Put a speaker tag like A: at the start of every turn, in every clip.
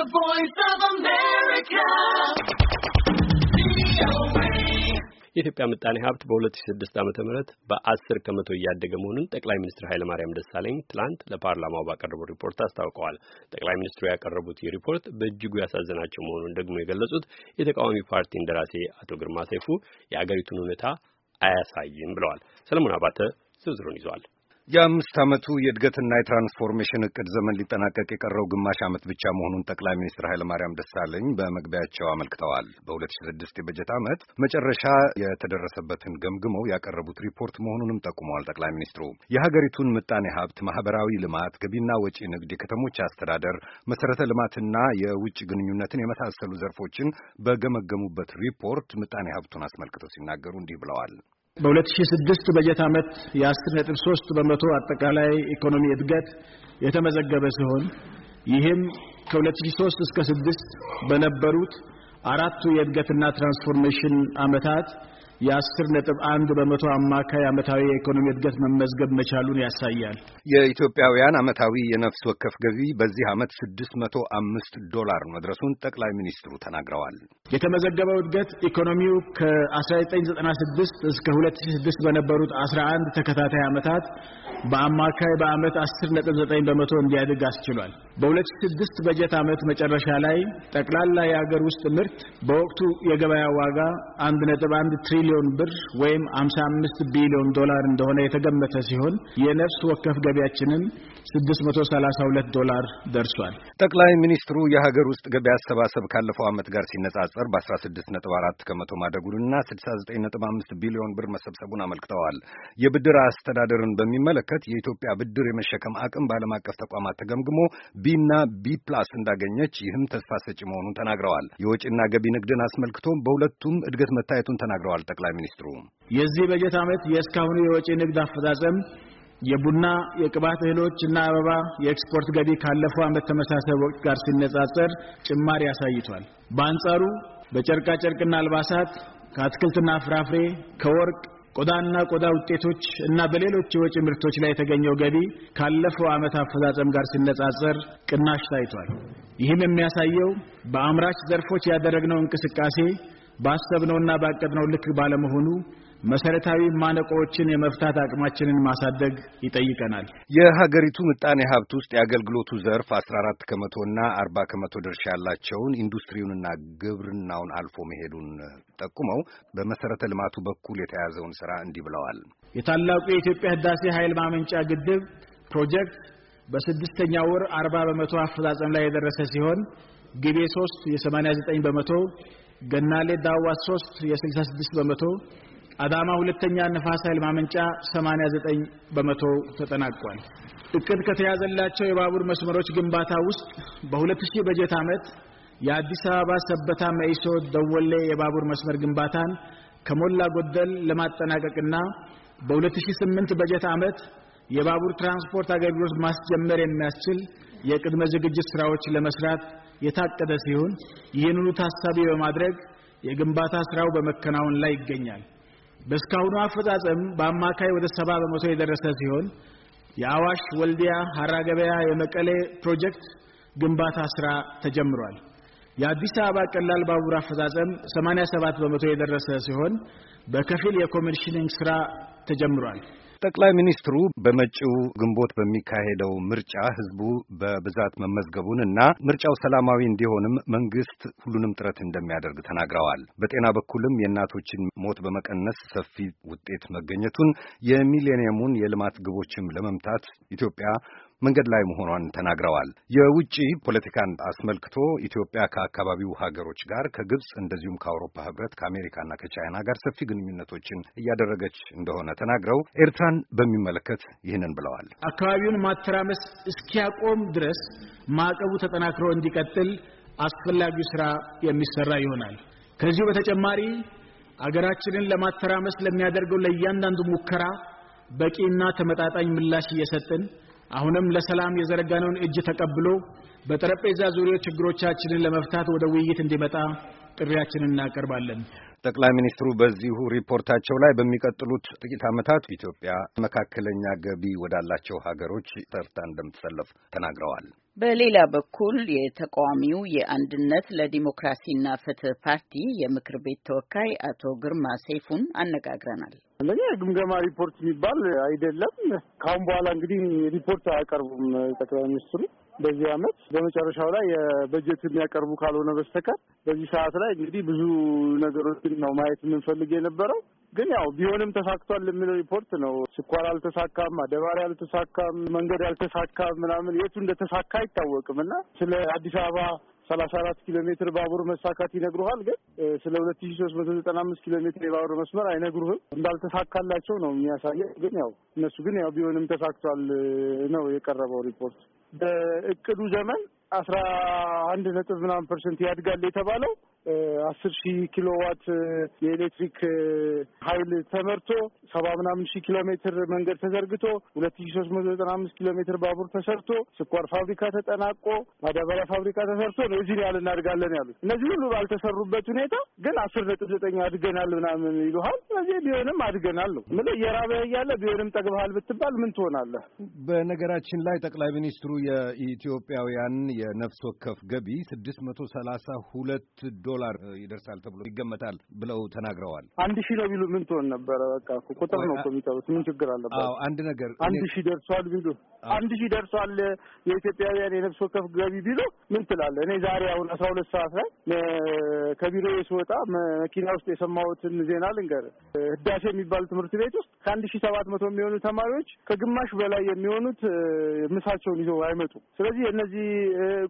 A: The Voice of America. የኢትዮጵያ ምጣኔ ሀብት በ2006 ም በ10 ከመቶ እያደገ መሆኑን ጠቅላይ ሚኒስትር ኃይለማርያም ደሳለኝ ትላንት ለፓርላማው ባቀረቡት ሪፖርት አስታውቀዋል። ጠቅላይ ሚኒስትሩ ያቀረቡት ይህ ሪፖርት በእጅጉ ያሳዘናቸው መሆኑን ደግሞ የገለጹት የተቃዋሚ ፓርቲ እንደራሴ አቶ ግርማ ሰይፉ የአገሪቱን ሁኔታ አያሳይም ብለዋል። ሰለሞን አባተ ዝርዝሩን ይዟል።
B: የአምስት ዓመቱ የእድገትና የትራንስፎርሜሽን እቅድ ዘመን ሊጠናቀቅ የቀረው ግማሽ ዓመት ብቻ መሆኑን ጠቅላይ ሚኒስትር ኃይለማርያም ደሳለኝ በመግቢያቸው አመልክተዋል። በ2006 የበጀት ዓመት መጨረሻ የተደረሰበትን ገምግመው ያቀረቡት ሪፖርት መሆኑንም ጠቁመዋል። ጠቅላይ ሚኒስትሩ የሀገሪቱን ምጣኔ ሀብት፣ ማህበራዊ ልማት፣ ገቢና ወጪ ንግድ፣ የከተሞች አስተዳደር፣ መሰረተ ልማትና የውጭ ግንኙነትን የመሳሰሉ ዘርፎችን በገመገሙበት ሪፖርት ምጣኔ ሀብቱን አስመልክተው ሲናገሩ እንዲህ ብለዋል።
A: በ2006 በጀት ዓመት የ10.3 በመቶ አጠቃላይ ኢኮኖሚ እድገት የተመዘገበ ሲሆን ይህም ከ2003 እስከ 6 በነበሩት አራቱ የእድገትና ትራንስፎርሜሽን ዓመታት የአስር ነጥብ አንድ በመቶ አማካይ ዓመታዊ የኢኮኖሚ እድገት መመዝገብ መቻሉን ያሳያል።
B: የኢትዮጵያውያን ዓመታዊ የነፍስ ወከፍ ገቢ በዚህ ዓመት ስድስት መቶ አምስት ዶላር መድረሱን ጠቅላይ ሚኒስትሩ ተናግረዋል።
A: የተመዘገበው እድገት ኢኮኖሚው ከ1996 እስከ 2006 በነበሩት 11 ተከታታይ ዓመታት በአማካይ በዓመት 10.9 በመቶ እንዲያድግ አስችሏል። በ2006 በጀት ዓመት መጨረሻ ላይ ጠቅላላ የአገር ውስጥ ምርት በወቅቱ የገበያ ዋጋ 1.1 ትሪሊዮን ቢሊዮን ብር ወይም 55 ቢሊዮን ዶላር እንደሆነ የተገመተ ሲሆን የነፍስ ወከፍ ገቢያችንም 632 ዶላር ደርሷል። ጠቅላይ ሚኒስትሩ
B: የሀገር ውስጥ ገቢ አሰባሰብ ካለፈው ዓመት ጋር ሲነጻጸር በ16.4 ከመቶ ማደጉንና 69.5 ቢሊዮን ብር መሰብሰቡን አመልክተዋል። የብድር አስተዳደርን በሚመለከት የኢትዮጵያ ብድር የመሸከም አቅም በዓለም አቀፍ ተቋማት ተገምግሞ ቢና ቢ ፕላስ እንዳገኘች ይህም ተስፋ ሰጪ መሆኑን ተናግረዋል። የወጪና ገቢ ንግድን አስመልክቶም በሁለቱም እድገት መታየቱን ተናግረዋል። ጠቅላይ ሚኒስትሩ
A: የዚህ በጀት ዓመት የእስካሁኑ የወጪ ንግድ አፈጻጸም የቡና የቅባት እህሎች እና አበባ የኤክስፖርት ገቢ ካለፈው ዓመት ተመሳሳይ ወቅት ጋር ሲነጻጸር ጭማሪ አሳይቷል። በአንጻሩ በጨርቃ ጨርቅና አልባሳት፣ ከአትክልትና ፍራፍሬ፣ ከወርቅ ቆዳና ቆዳ ውጤቶች እና በሌሎች የወጪ ምርቶች ላይ የተገኘው ገቢ ካለፈው ዓመት አፈጻጸም ጋር ሲነጻጸር ቅናሽ ታይቷል። ይህም የሚያሳየው በአምራች ዘርፎች ያደረግነው እንቅስቃሴ ባሰብነውና ባቀድነው ልክ ባለመሆኑ መሰረታዊ ማነቆዎችን የመፍታት አቅማችንን ማሳደግ ይጠይቀናል።
B: የሀገሪቱ ምጣኔ ሀብት ውስጥ የአገልግሎቱ ዘርፍ 14 ከመቶና አርባ ከመቶ ድርሻ ያላቸውን ኢንዱስትሪውንና ግብርናውን አልፎ መሄዱን ጠቁመው በመሰረተ ልማቱ በኩል የተያዘውን ስራ እንዲህ ብለዋል።
A: የታላቁ የኢትዮጵያ ህዳሴ ኃይል ማመንጫ ግድብ ፕሮጀክት በስድስተኛ ወር አርባ በመቶ አፈጻጸም ላይ የደረሰ ሲሆን ግቤ ሶስት የሰማኒያ ዘጠኝ በመቶ ገናሌ ዳዋ 3 የ66 በመቶ፣ አዳማ ሁለተኛ ነፋስ ኃይል ማመንጫ 89 በመቶ ተጠናቋል። እቅድ ከተያዘላቸው የባቡር መስመሮች ግንባታ ውስጥ በ2000 በጀት ዓመት የአዲስ አበባ ሰበታ መኢሶ ደወሌ የባቡር መስመር ግንባታን ከሞላ ጎደል ለማጠናቀቅና በ2008 በጀት ዓመት የባቡር ትራንስፖርት አገልግሎት ማስጀመር የሚያስችል የቅድመ ዝግጅት ስራዎች ለመስራት የታቀደ ሲሆን ይህንኑ ታሳቢ በማድረግ የግንባታ ስራው በመከናወን ላይ ይገኛል። በእስካሁኑ አፈጻጸም በአማካይ ወደ ሰባ በመቶ የደረሰ ሲሆን የአዋሽ ወልዲያ ሀራ ገበያ የመቀሌ ፕሮጀክት ግንባታ ስራ ተጀምሯል። የአዲስ አበባ ቀላል ባቡር አፈጻጸም 87 በመቶ የደረሰ ሲሆን በከፊል የኮሚሽኒንግ ስራ ተጀምሯል።
B: ጠቅላይ ሚኒስትሩ በመጪው ግንቦት በሚካሄደው ምርጫ ህዝቡ በብዛት መመዝገቡን እና ምርጫው ሰላማዊ እንዲሆንም መንግስት ሁሉንም ጥረት እንደሚያደርግ ተናግረዋል። በጤና በኩልም የእናቶችን ሞት በመቀነስ ሰፊ ውጤት መገኘቱን፣ የሚሌኒየሙን የልማት ግቦችም ለመምታት ኢትዮጵያ መንገድ ላይ መሆኗን ተናግረዋል። የውጭ ፖለቲካን አስመልክቶ ኢትዮጵያ ከአካባቢው ሀገሮች ጋር ከግብፅ እንደዚሁም ከአውሮፓ ህብረት ከአሜሪካና ከቻይና ጋር ሰፊ ግንኙነቶችን እያደረገች እንደሆነ ተናግረው ኤርትራን በሚመለከት ይህንን
A: ብለዋል። አካባቢውን ማተራመስ እስኪያቆም ድረስ ማዕቀቡ ተጠናክሮ እንዲቀጥል አስፈላጊው ስራ የሚሰራ ይሆናል። ከዚሁ በተጨማሪ አገራችንን ለማተራመስ ለሚያደርገው ለእያንዳንዱ ሙከራ በቂና ተመጣጣኝ ምላሽ እየሰጥን አሁንም ለሰላም የዘረጋነውን እጅ ተቀብሎ በጠረጴዛ ዙሪያ ችግሮቻችንን ለመፍታት ወደ ውይይት እንዲመጣ ጥሪያችንን እናቀርባለን።
B: ጠቅላይ ሚኒስትሩ በዚሁ ሪፖርታቸው ላይ በሚቀጥሉት ጥቂት ዓመታት ኢትዮጵያ መካከለኛ ገቢ ወዳላቸው ሀገሮች ተርታ እንደምትሰለፍ ተናግረዋል።
A: በሌላ በኩል የተቃዋሚው የአንድነት ለዲሞክራሲና ፍትህ ፓርቲ የምክር ቤት ተወካይ አቶ ግርማ ሰይፉን አነጋግረናል።
C: ለእኔ ግምገማ ሪፖርት የሚባል አይደለም። ካሁን በኋላ እንግዲህ ሪፖርት አያቀርቡም ጠቅላይ ሚኒስትሩ በዚህ አመት በመጨረሻው ላይ የበጀት የሚያቀርቡ ካልሆነ በስተቀር በዚህ ሰዓት ላይ እንግዲህ ብዙ ነገሮችን ነው ማየት የምንፈልግ የነበረው። ግን ያው ቢሆንም ተሳክቷል የሚለው ሪፖርት ነው። ስኳር አልተሳካም፣ አደባሪ አልተሳካም፣ መንገድ አልተሳካም ምናምን የቱ እንደተሳካ አይታወቅም እና ስለ አዲስ አበባ ሰላሳ አራት ኪሎ ሜትር ባቡር መሳካት ይነግሩሃል፣ ግን ስለ ሁለት ሺ ሶስት መቶ ዘጠና አምስት ኪሎ ሜትር የባቡር መስመር አይነግሩህም። እንዳልተሳካላቸው ነው የሚያሳየው። ግን ያው እነሱ ግን ያው ቢሆንም ተሳክቷል ነው የቀረበው ሪፖርት። በእቅዱ ዘመን አስራ አንድ ነጥብ ምናምን ፐርሰንት ያድጋል የተባለው አስር ሺህ ኪሎ ዋት የኤሌክትሪክ ኃይል ተመርቶ ሰባ ምናምን ሺህ ኪሎ ሜትር መንገድ ተዘርግቶ ሁለት ሺህ ሶስት መቶ ዘጠና አምስት ኪሎ ሜትር ባቡር ተሰርቶ ስኳር ፋብሪካ ተጠናቆ ማዳበሪያ ፋብሪካ ተሰርቶ ነው እዚህ ያህል እናድጋለን ያሉት። እነዚህ ሁሉ ባልተሰሩበት ሁኔታ ግን አስር ነጥብ ዘጠኝ አድገናል ምናምን ይሉሃል። ስለዚህ ቢሆንም አድገናል ነው ምለ የራበህ እያለ ቢሆንም ጠግበሃል ብትባል ምን ትሆናለህ?
B: በነገራችን ላይ ጠቅላይ ሚኒስትሩ የኢትዮጵያውያን የነፍስ ወከፍ ገቢ ስድስት መቶ ሰላሳ ሁለት ዶላር ይደርሳል ተብሎ ይገመታል ብለው ተናግረዋል። አንድ
C: ሺህ ነው ቢሉ ምን ትሆን ነበረ? በቃ ቁጥር ነው የሚጠሩት። ምን ችግር አለበት?
B: አንድ ነገር አንድ ሺህ
C: ደርሷል ቢሉ አንድ ሺህ ደርሷል የኢትዮጵያውያን የነፍስ ወከፍ ገቢ ቢሉ ምን ትላለህ? እኔ ዛሬ አሁን አስራ ሁለት ሰዓት ላይ ከቢሮ ስወጣ መኪና ውስጥ የሰማሁትን ዜና ልንገርህ። ህዳሴ የሚባል ትምህርት ቤት ውስጥ ከአንድ ሺህ ሰባት መቶ የሚሆኑ ተማሪዎች ከግማሽ በላይ የሚሆኑት ምሳቸውን ይዘው አይመጡም። ስለዚህ እነዚህ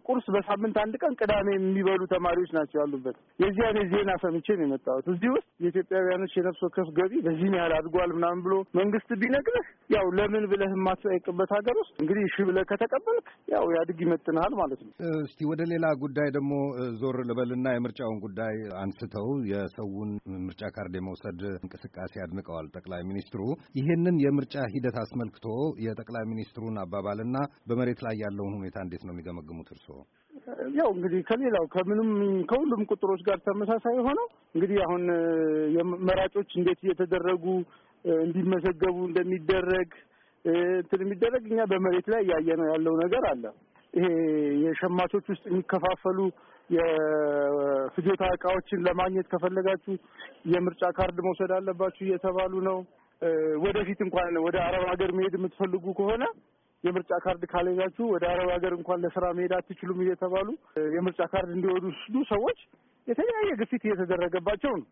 C: ቁርስ በሳምንት አንድ ቀን ቅዳሜ የሚበሉ ተማሪዎች ናቸው ያሉበት። የዚህ አይነት ዜና ሰምቼ ነው የመጣሁት። እዚህ ውስጥ የኢትዮጵያውያኖች የነፍስ ወከፍ ገቢ በዚህ ያህል አድጓል ምናምን ብሎ መንግስት ቢነግርህ ያው ለምን ብለህ የማትጠይቅበት ሀገር ውስጥ እንግዲህ እሺ ብለህ ከተቀበልክ ያው ያድግ ይመጥንሃል ማለት ነው።
B: እስቲ ወደ ሌላ ጉዳይ ደግሞ ዞር ልበልና የምርጫውን ጉዳይ አንስተው የሰውን ምርጫ ካርድ የመውሰድ እንቅስቃሴ አድንቀዋል ጠቅላይ ሚኒስትሩ። ይህንን የምርጫ ሂደት አስመልክቶ የጠቅላይ ሚኒስትሩን አባባልና በመሬት ላይ ያለውን ሁኔታ እንዴት ነው የሚገመግሙት እርስዎ?
C: ያው እንግዲህ ከሌላው ከምንም ከሁሉም ቁጥሮች ጋር ተመሳሳይ የሆነው እንግዲህ አሁን መራጮች እንዴት እየተደረጉ እንዲመዘገቡ እንደሚደረግ እንትን የሚደረግ እኛ በመሬት ላይ ነው ያለው ነገር አለ። ይሄ የሸማቾች ውስጥ የሚከፋፈሉ የፍጆታ እቃዎችን ለማግኘት ከፈለጋችሁ የምርጫ ካርድ መውሰድ አለባችሁ እየተባሉ ነው። ወደፊት እንኳን ወደ አረብ ሀገር መሄድ የምትፈልጉ ከሆነ የምርጫ ካርድ ካልያዛችሁ ወደ አረብ ሀገር እንኳን ለስራ መሄድ አትችሉም እየተባሉ የምርጫ ካርድ እንዲወስዱ ሰዎች የተለያየ ግፊት እየተደረገባቸው ነው።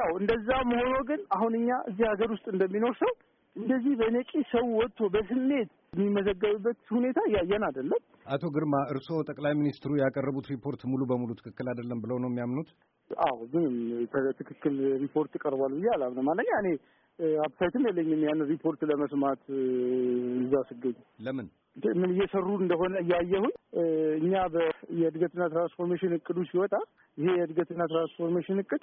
C: ያው እንደዛም ሆኖ ግን አሁን እኛ እዚህ ሀገር ውስጥ እንደሚኖር ሰው እንደዚህ በነቂ ሰው ወጥቶ በስሜት የሚመዘገብበት ሁኔታ እያየን አይደለም።
B: አቶ ግርማ እርስዎ ጠቅላይ ሚኒስትሩ ያቀረቡት
C: ሪፖርት ሙሉ በሙሉ ትክክል አይደለም ብለው ነው የሚያምኑት? አዎ ግን ትክክል ሪፖርት ቀርቧል ብዬ አላምንም። አለኛ እኔ አፕታይትም የለኝም ያንን ሪፖርት ለመስማት እዛ ስገኝ ለምን ምን እየሰሩ እንደሆነ እያየሁኝ እኛ የእድገትና ትራንስፎርሜሽን እቅዱ ሲወጣ ይሄ የእድገትና ትራንስፎርሜሽን እቅድ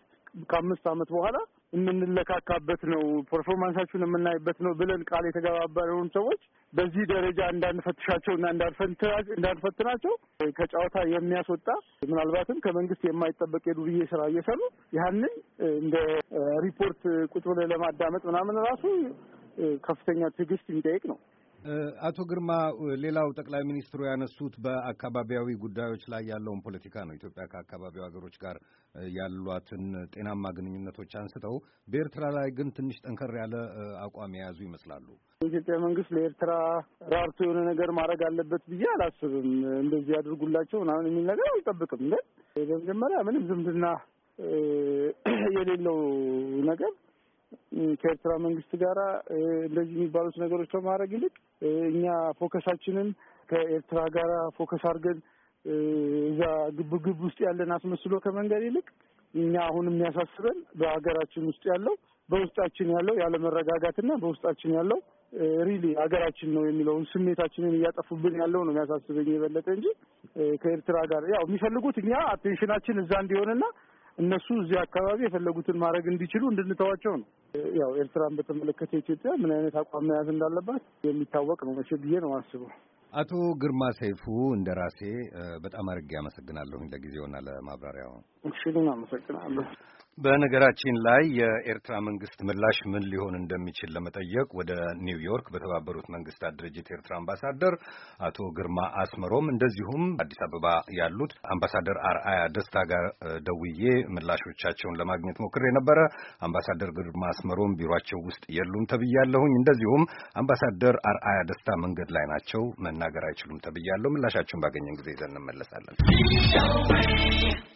C: ከአምስት ዓመት በኋላ የምንለካካበት ነው፣ ፐርፎርማንሳችሁን የምናይበት ነው ብለን ቃል የተገባበረውን ሰዎች በዚህ ደረጃ እንዳንፈትሻቸው እና እንዳንፈትናቸው ከጨዋታ የሚያስወጣ ምናልባትም ከመንግስት የማይጠበቅ የዱርዬ ስራ እየሰሩ ያንን እንደ ሪፖርት ቁጭ ብለህ ለማዳመጥ ምናምን ራሱ ከፍተኛ ትዕግስት የሚጠይቅ ነው።
B: አቶ ግርማ፣ ሌላው ጠቅላይ ሚኒስትሩ ያነሱት በአካባቢያዊ ጉዳዮች ላይ ያለውን ፖለቲካ ነው። ኢትዮጵያ ከአካባቢው ሀገሮች ጋር ያሏትን ጤናማ ግንኙነቶች አንስተው በኤርትራ ላይ ግን ትንሽ ጠንከር ያለ አቋም የያዙ ይመስላሉ።
C: የኢትዮጵያ መንግስት ለኤርትራ ራርቶ የሆነ ነገር ማድረግ አለበት ብዬ አላስብም። እንደዚህ ያድርጉላቸው ምናምን የሚል ነገር አልጠብቅም። ግን በመጀመሪያ ምንም ዝምድና የሌለው ነገር ከኤርትራ መንግስት ጋር እንደዚህ የሚባሉት ነገሮች ከማድረግ ይልቅ እኛ ፎከሳችንን ከኤርትራ ጋር ፎከስ አድርገን እዛ ግብግብ ውስጥ ያለን አስመስሎ ከመንገድ ይልቅ እኛ አሁን የሚያሳስበን በሀገራችን ውስጥ ያለው በውስጣችን ያለው ያለመረጋጋትና በውስጣችን ያለው ሪሊ ሀገራችን ነው የሚለውን ስሜታችንን እያጠፉብን ያለው ነው የሚያሳስበኝ የበለጠ እንጂ ከኤርትራ ጋር ያው የሚፈልጉት እኛ አቴንሽናችን እዛ እንዲሆንና እነሱ እዚህ አካባቢ የፈለጉትን ማድረግ እንዲችሉ እንድንተዋቸው ነው። ያው ኤርትራን በተመለከተ ኢትዮጵያ ምን አይነት አቋም መያዝ እንዳለባት የሚታወቅ ነው መቼ ብዬ ነው አስበው።
B: አቶ ግርማ ሰይፉ እንደ ራሴ በጣም አድርጌ አመሰግናለሁኝ ለጊዜውና ለማብራሪያው።
C: እሺ፣ አመሰግናለሁ።
B: በነገራችን ላይ የኤርትራ መንግስት ምላሽ ምን ሊሆን እንደሚችል ለመጠየቅ ወደ ኒውዮርክ በተባበሩት መንግስታት ድርጅት የኤርትራ አምባሳደር አቶ ግርማ አስመሮም እንደዚሁም አዲስ አበባ ያሉት አምባሳደር አርአያ ደስታ ጋር ደውዬ ምላሾቻቸውን ለማግኘት ሞክሬ ነበረ። አምባሳደር ግርማ አስመሮም ቢሯቸው ውስጥ የሉም ተብያለሁኝ። እንደዚሁም አምባሳደር አርአያ ደስታ መንገድ ላይ ናቸው፣ መናገር አይችሉም ተብያለሁ። ምላሻቸውን ባገኘን ጊዜ ይዘን እንመለሳለን።